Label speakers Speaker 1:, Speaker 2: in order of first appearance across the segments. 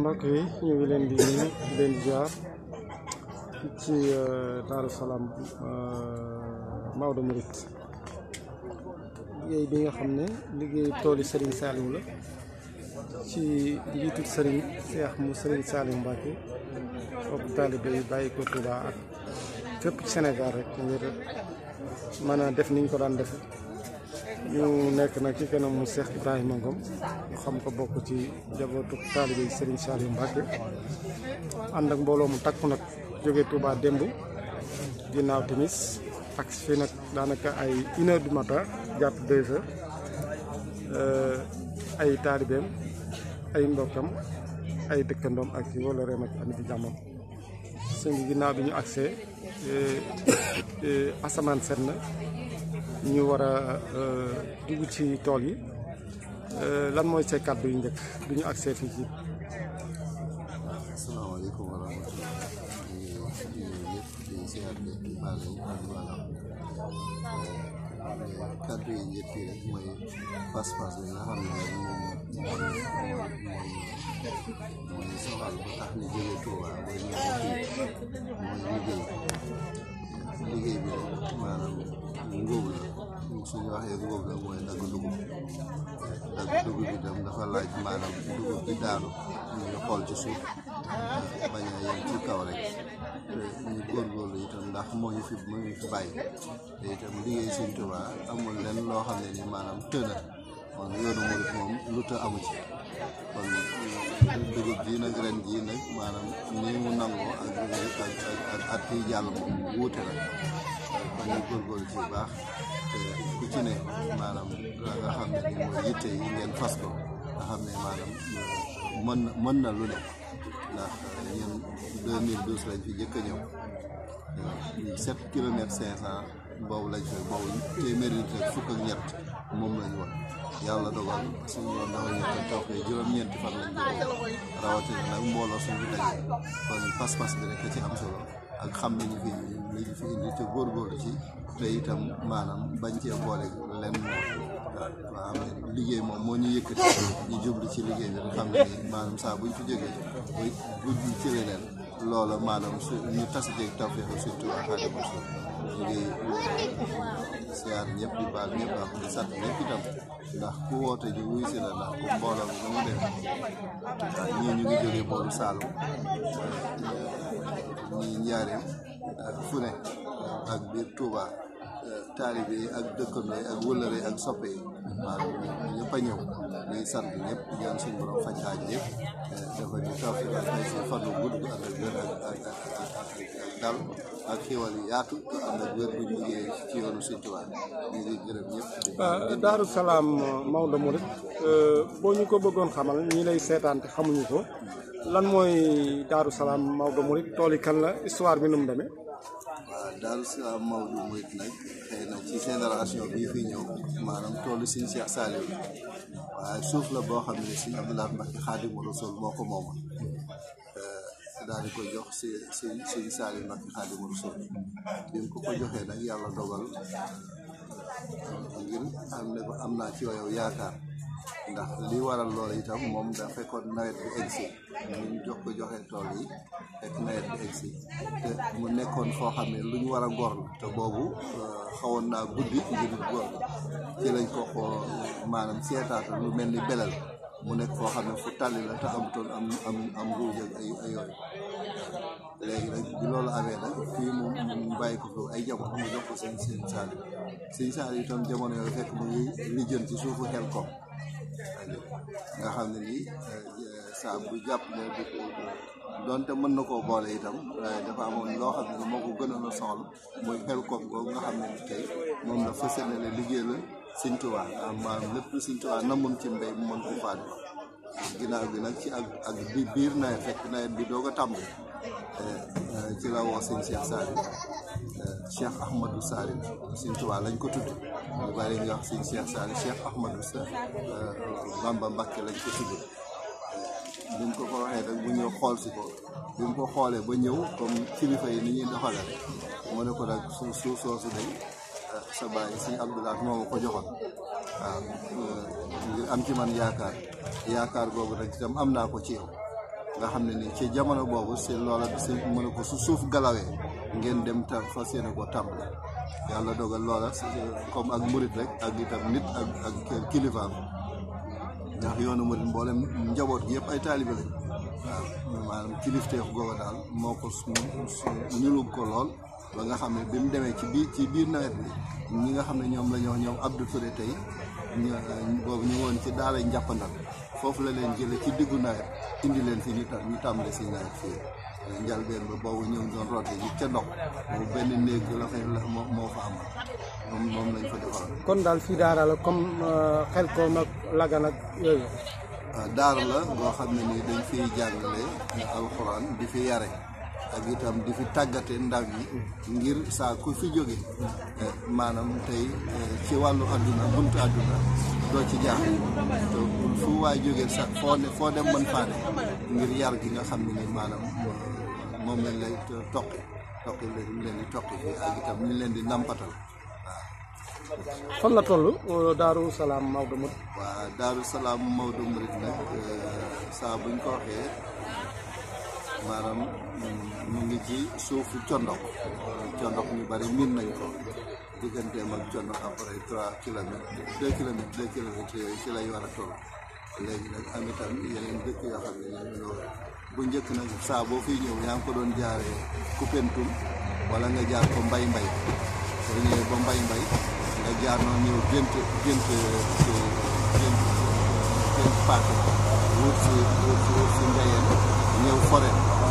Speaker 1: mbokk yi ñu ngi leen di nuyu leen jaar ci euh, Daaru Salaam euh, Maodo Murit liggéey bi nga xam ne liggéey tooli Serigne Saliou la ci njiitu Serigne Cheikh mu Serigne Saliou Mbacke foofu taalibe yi bàyyi ko Touba ak fépp ci rek ngir mën a def niñ ko daan def ñu nekk nag ci kanamu Cheikh Ibrahima Ngom xam ko bokk ci jabootu taalibe Serigne Saliou Mbacke ànd ak mbooloo mu takku nag jóge Touba démb ginnaaw timis ak fii nag daanaka ay une heure du matin euh, ay taalibeem ay mbokkam ay dëkkandoom ak ci wala reem ak amit jàmmam sëñ ginnaaw bi ñu agsee euh, euh, asamaan seet na ñu war a euh, dugg ci tool yi euh, lan mooy say kàddu yu njëkk du ñu accès fii ci.
Speaker 2: asalaamaaleykum wa rahmatulah di wax ci ñëpp di ziar di baale ak maanaam kàddu yi njëkk yi rek mooy pas-pas bi nga xam ne moom mooy soxal ba tax ñu jóge Tuuba mooy ñëw fii mooy liggéey. liggéey bi maanaam ngóob la suñu waxee ngóob la mooy dagg dugub dagg dugub bi tam dafa laaj maanaam dugub bi daanu ñu xool ci suuf bañ a yem ci kaw rek te ñu góorgóorlu itam ndax mooñu fi moo ñu bàyyi te itam liggéey Sëñ Tuubaa amul lenn loo xam ne ni maanaam tëna kon yoonu murit moom lu amu ci kon dugub ji nag ren nag maanaam nii mu nangoo ak at yi jàll moom wuute la kon ci baax te ku ci ne la nga xam ne ni mooy yitte yi ngeen fas ko nga xam ne maanaam mën mën na lu ne ndax euh, ñun 2012 lañ fi jëkk a ñëw 7 euh, kilomètres 500 boobu lañ fi boobu téeméeri fukk ak ñett yàlla dogal suñu yoon dafa ñu ko toog juróom-ñeenti fan lañ koy rawatina nag mbooloo suñu daje kon pas-pas bi rek ci am solo ak xam nañu fi li ñu fi indi te góorgóorlu ci te itam maanaam bañ cee boole lenn waaw liggéey moom moo ñu yëkkati ñu jublu ci liggéey bi nga xam ne maanaam saa buñ fi jógee buñ buñ ci leneen. loola maanaam su ñu tas jeeg tawféexu surtout ak Xaadimu Rasuul ñu ngi siyaar ñëpp di baal ñëpp ak di sant ñëpp itam ndax ku woote ji wuy si la ndax ku mbooloo mi mu dem ñii ñu ngi jógee booru Saalum ñii Njaareem fu ne ak biir Touba. taalibe yi ak dëkkandoo yi ak wëllëre ak soppe yi a ñëw ñuy sant ñëpp ñaan suñu borom faj xaaj ñëpp dafa ñu taw fi
Speaker 1: Salaam euh, Maodo Mouride euh, boo ñu ko bëggoon xamal ñi lay seetaan xamuñu ko lan mooy Daaru Salaam Maodo Mouride tool kan la histoire bi nu mu demee
Speaker 2: waaw Daaru Salaam Maodo Mourid nag xëy na ci génération bii fi ñëw maanaam toolu Sëñ Cheikh Saliou waaye suuf la boo xam ne Sëñ Abdou Lahad Mbacké Xaadimu Rasuul moo ko mooma daal di ko jox si si Sëñ Saliou Mbacké Xaadimu Rasuul bi ko ko joxee nag yàlla dogal ngir am ne ko am naa ci yow yaakaar ndax li waral loolu itam moom da fekkoon nawet bi egsi ñu jox ko joxe tool yi fekk nawet bi egsi te mu nekkoon foo xam ne lu ñu war a gor la te boobu euh, xawoon naa guddi ngir gor ci lañ ko xoo maanaam seetaata lu mel ni belal mu nekk foo xam ne fu tàlli la te am toon am am am ruuj ay yooyu léegi nag bi loolu amee nag fii moom ñu bàyyi ko fi ay jamono mu jox ko sëñ sëñ Saliou sëñ Saliou itam jamono yooyu fekk mu ngi lijjën ci suufu xel koom nga xam ne nii eh, saa bu jàpp ne mën na koo boole itam dafa amoon loo xam ne a soxla mooy xel koom googu ne ni tey moom la fas yéene liggéey la sëñ Tuubaa maanaam lépp sëñ Tuubaa namoon ci mbéy mu mën ko faatu ginaaw bi nag ci ak ak bi biir nawet fekk nawet bi doog ko tàmbali eh, eh, ci la woo sëñ eh, Cheikh Sary Cheikh Ahmadou Sary sëñ lañ ko tudd ñu bari ñu wax sëñ Cheikh Sary Cheikh Ahmadou Sary Mbàkke lañ ko tudd bi mu ko xool si ko bi ko xoolee ba ñëw comme kilifa yi ni ñuy doxalee rek mu ne ko nag suuf suuf soosu day sa bàyyi sëñ Abdoulaye moo ma ko joxoon waaw ngir uh, am ci man yaakaar yaakaar googu nag itam am naa ko ci nga xam ne nii ci jamono boobu si loola si mën a ko su suuf galawee ngeen dem ta fas yéene ko tàmbali yàlla dogal loola comme ak murit rek ak itam nit ak ak kilifaam ndax yoonu murit mboolem njaboot gi yëpp ay taalibe lañ waaw maanaam kilifteef googu daal moo ko ñulug ko lool ba nga xam ne bi mu demee ci biir ci biir nawet bi ñi nga xam ne ñoom la ñoo ñoom Abdou Touré tey boobu ñu woon ci daara njàppandal foofu la leen jële ci diggu nawet indi leen fi ñu ñu tàmbali si nawet fii njalbeen ba boobu ñëw doon roote ji ca ndox boobu benn néeg la fay moo moo fa am moom moom lañ fa defal
Speaker 1: kon daal fi daara la comme xel ko nag laga nag daara la boo
Speaker 2: xam ne nii dañ fiy jàngale alxuraan di fi yare agitam difi tagate ndaw yi ngir sa ku fi joge eh, manam tay eh, ci walu aduna buntu aduna do ci jaar to fu way joge sa fo ne fo dem man faane ngir yar gi nga xamni ni manam eh, mom lañ lay tokki tokki lay ñu leen di tokki fi agitam ñu leen di nampatal ah.
Speaker 1: fan la tollu daru salam mawdu
Speaker 2: wa daru salam mawdu murid nak sa buñ ko waxe manam mm, ci suufu Condok Condok ñu bari miin nañ ko digganteem ak Condok après trois kilomètres deux kilomètres deux kilomètres ci lay war a léegi nag am itam yeneen dëkk yoo xam ne ñoo bu njëkk nag saa boo fiy yaa ngi ko doon jaaree Koupentoum wala nga jaar ko mbay mbay soo mbay mbay nga jaar noonu ñëw gént gént gént gént paaka wut si wut si wut ñëw forêt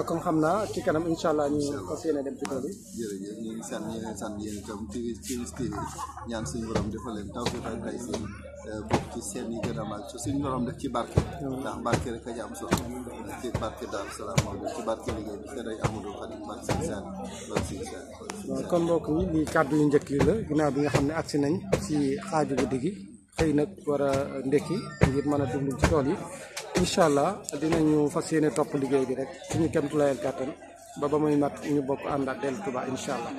Speaker 1: kon xam naa ci kanam incha allah ñu fas
Speaker 2: yéene dem ci tool yi. jërëjëf ñu ngi sant ñu leen sant yéen itam ci Tourist TV ñaan suñu borom defal leen taw bi ak ay seen euh, bokk ci seen yi gën a mag suñu borom def ci barke. Mm. ndax barke rek a ci am solo ci barke daal salaamaaleykum ci barke liggéey bi feneen amadou Fatick barke si saan barke si saan. kon mbokk
Speaker 1: mi lii kàddu yu njëkk yi la ginnaaw bi nga xam ne agsi nañ ci xaaju guddi gi. xëy nag war a ndekki ngir mën a dugg ci tool yi incha allah ñu fas yéene topp liggéey bi rek suñu kéemtulaayal kàttan ba ba muy mat ñu bokk àndaat dellu Tuubaa incha allah.